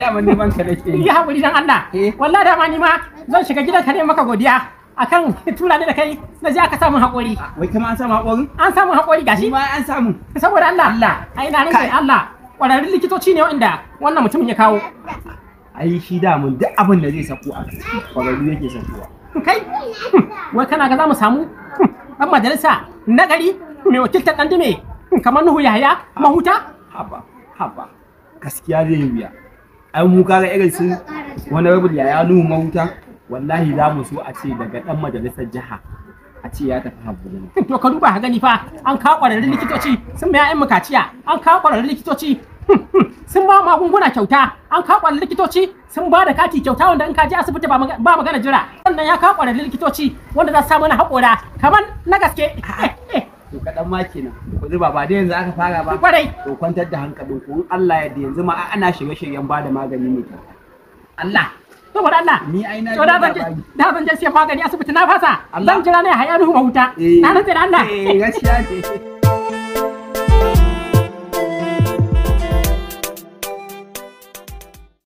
Dama neman ka nake. Yi hakuri dan Allah. Eh. Wallahi dama ni ma zan shiga gidan ka ne maka godiya. akan tura ne da kai na je aka samu haƙori. Wai kuma an samu haƙori? An samu haƙori gashi. Ma an samu. Saboda Allah. Allah. Ai na rinka Allah. Ƙwararrun likitoci ne wanda wannan mutumin ya kawo. Ai shi da mun duk abin da zai sako a ƙwararru yake sakuwa. Kai wai kana ga zamu samu ɗan majalisa na gari mai wakiltar ɗan dume kamar Nuhu Yahaya mahuta? Haba haba gaskiya zai yi wuya. ai mu kaga irin su wani rabin ya nuhu mahuta wallahi za mu so a ce daga dan majalisar jiha a ce ya tafi haburin to ka duba ka gani fa an ka kwararri likitoci sun mai mu kaciya an ka kwararri likitoci sun ba magunguna kyauta an ka kwararri likitoci sun ba da kati kyauta wanda in ka je asibiti ba magana jira sannan ya ka kwararri likitoci wanda za su samu na haƙora kamar na gaske to kaɗan ma kenan ku zuba ba da yanzu aka fara ba kwarai to kwantar da hankalin ku in Allah ya yanzu ma ana shirye shiryen ba da magani ne Allah Allah ni ai na da ban da ban je sai magani asibiti na fasa zan jira ne hayar huwa na nan eh. Allah eh gaskiya ne